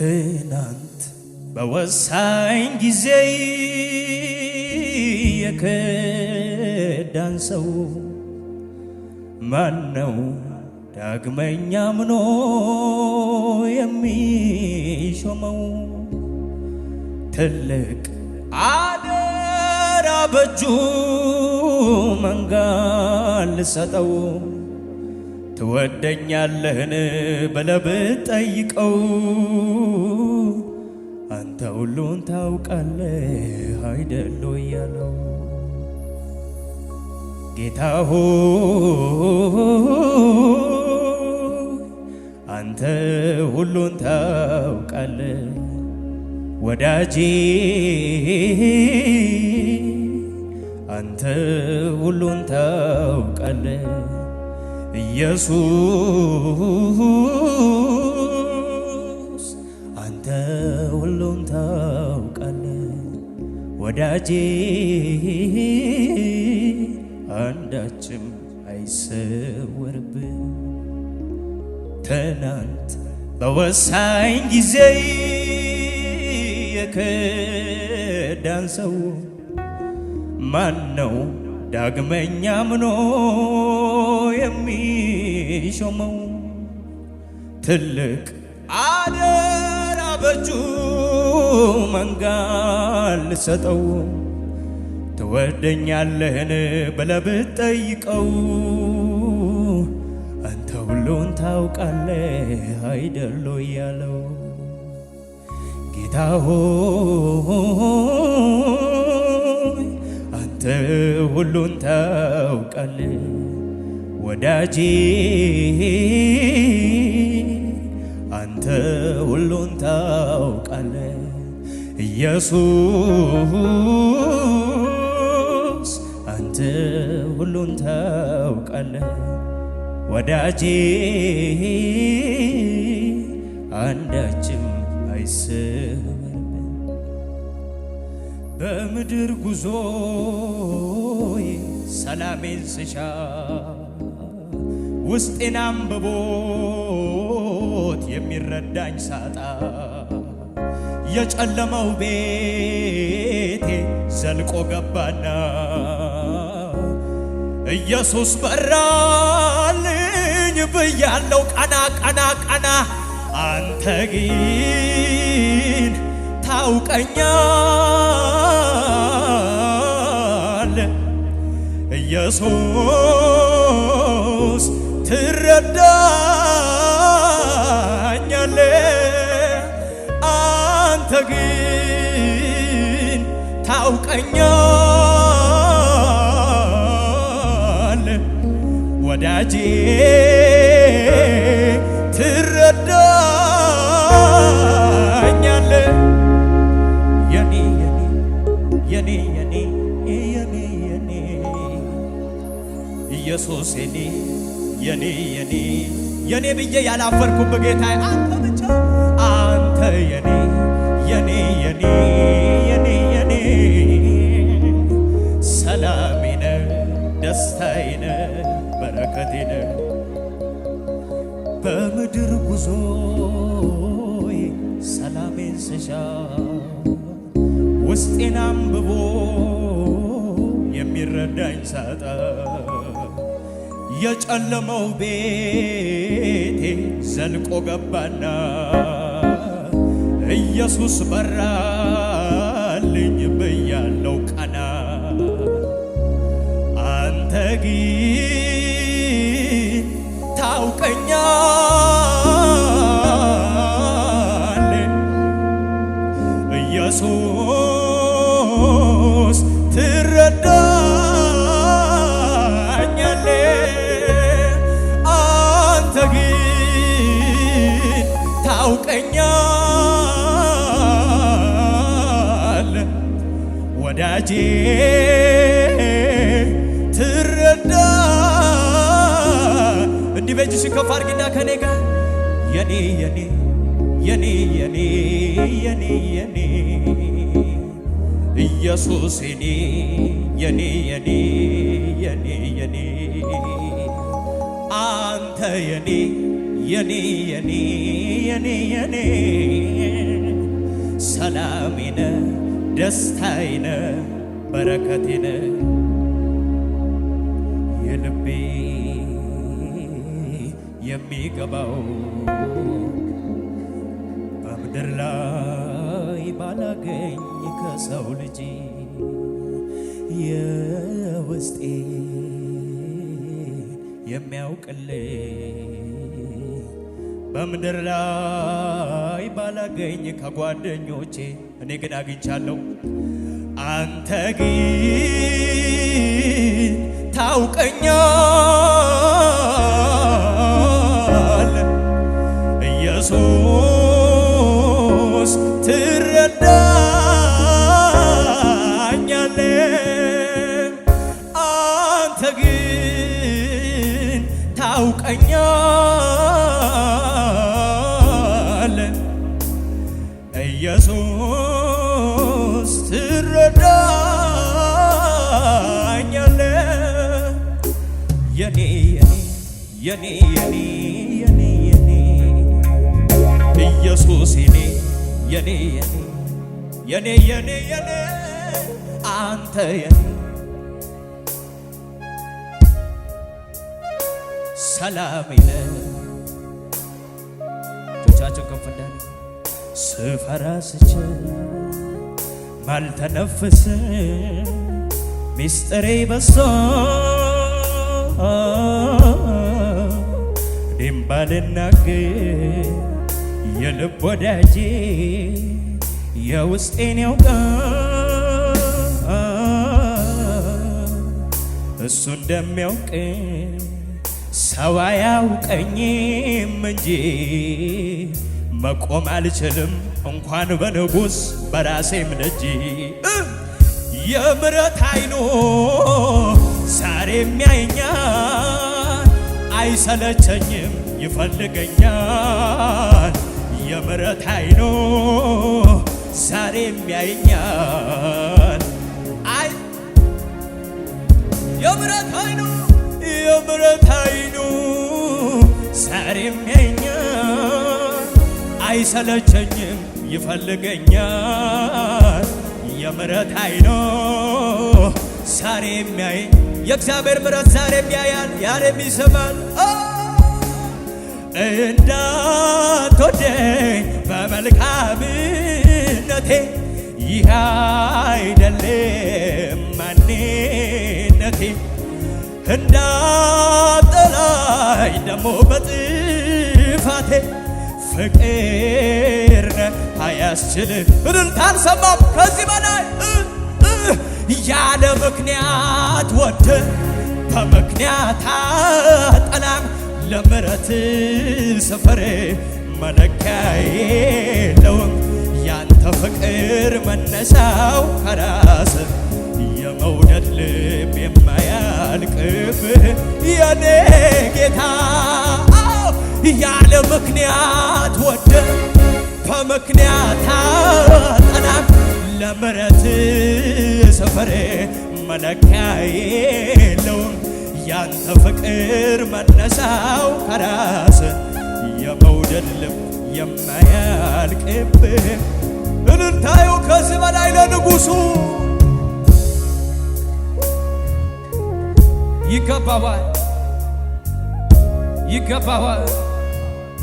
ትናንት በወሳኝ ጊዜ የከዳን ሰው ማነው? ዳግመኛ ምኖ የሚሾመው ትልቅ አደራ በእጁ መንጋ ልሰጠው ትወደኛለህን ብለህ ጠይቀው፣ አንተ ሁሉን ታውቃለህ አይደሎ ያለው ጌታ ሆ አንተ ሁሉን ታውቃለህ ወዳጄ አንተ ሁሉን ታውቃለህ ኢየሱስ አንተ ሁሉን ታውቃለህ ወዳጄ አንዳችም አይሰወርብን ትናንት በወሳኝ ጊዜ የከዳን ሰው ማን ነው? ዳግመኛ ምኖ የሚሾመው ትልቅ አደራ በእጁ መንጋ ልሰጠው ትወደኛለህን ብለህ ብትጠይቀው አንተ ሁሉን ታውቃለህ አይደሎ ያለው ጌታ ሆይ ሁሉን ታውቃለ ወዳጅ አንተ ሁሉን ታውቃል ኢየሱስ አንተ ሁሉን ታውቃለ ወዳጅ አንዳችም አይስም በምድር ጉዞዬ ሰላሜን ስሻ ውስጤን አንብቦት የሚረዳኝ ሳጣ የጨለመው ቤቴ ዘልቆ ገባና ኢየሱስ በራልኝ ብያለው ቀና ቀና ቀና አንተ ግን ታውቀኛ ኢየሱስ ትረዳኛለ አንተ ግን ታውቀኛለ ወዳጄ ኢየሱስ የኔ የኔ የኔ የኔ ብዬ ያላፈርኩም ጌታ አንተ ብቻ አንተ የኔ የኔ የኔ የኔ የኔ ሰላሜ ነህ ደስታዬ ነህ በረከቴ ነህ በምድር ጉዞዬ ሰላሜን ስሻ ውስጤን አንብቦ የሚረዳኝ ሳጣ የጨለመው ቤቴ ዘልቆ ገባና ኢየሱስ በራልኝ ብያለው ቀና አንተ ግን ታውቀኛ ታውቀኛል ወዳጄ ትረዳ እንዲህ በእጅ ሲከፍ አድርጊና ከኔ ጋር የኔ የኔ የኔ የኔ የኔ የኔ ኢየሱስ የኔ የኔ የኔ የኔ የኔ አንተ የኔ የኔ የኔ የኔ የኔ ሰላሜነ ደስታይነ በረከቴነ የልቤ የሚገባው በምድር ላይ ባላገኝ ከሰው ልጅ የውስጤ የሚያውቅልኝ በምድር ላይ ባላገኝ ከጓደኞቼ እኔ ግን አግኝቻለሁ። አንተ ግን ታውቀኛል ኢየሱስ ትረዳኛለ አንተ ግን ታውቀኛል የኔ የኔ የኔ የኔ የኔ የኔ የኔ አንተ የኔ ሰላም ከፍ እንዳለ ስፈራ ሚስጥሬ እኔም ባልናገር የልብ ወዳጄ የውስጤን ያውቃል እሱ እንደሚያውቅም ሰው አያውቀኝም እንጂ መቆም አልችልም እንኳን በንጉሥ በራሴም ደጅ የምሕረት አይኑ ዛሬም ያየኛል፣ አይሰለቸኝም፣ ይፈልገኛል። የምሕረት አይኑ ዛሬም ያየኛል፣ የምሕረት አይኑ የምሕረት አይኑ ዛሬም ያየኛል፣ አይሰለቸኝም፣ ይፈልገኛል። የምሕረት አይኑ ዛሬም ያየኛል የእግዚአብሔር ምሕረት ዛሬም ያያል ያኔም ይሰማል። እንዳትወደኝ በመልካምነቴ ይህ አይደለም ማንነቴ እንዳጠላይ ደሞ በጥፋቴ ፍቅር አያስችልም እልልታ ሰማም ከዚህ በላይ ያለ ምክንያት ወደ በምክንያት አጠላም ለምረት ሰፈሬ መለኪያ የለውም ያንተ ፍቅር መነሻው ከራስ የመውደድ ልብ የማያልቅብ የኔ ጌታ ያለ ምክንያት ወደ በምክንያት አጠላም ለምረት ሰፈሬ መለኪያ የለውም ያንተ ፍቅር መነሳው ከራስ የመውደድ ልብ የማያልቅብ እልልታዩ ከዚህ በላይ ለንጉሡ ይገባዋል ይገባዋል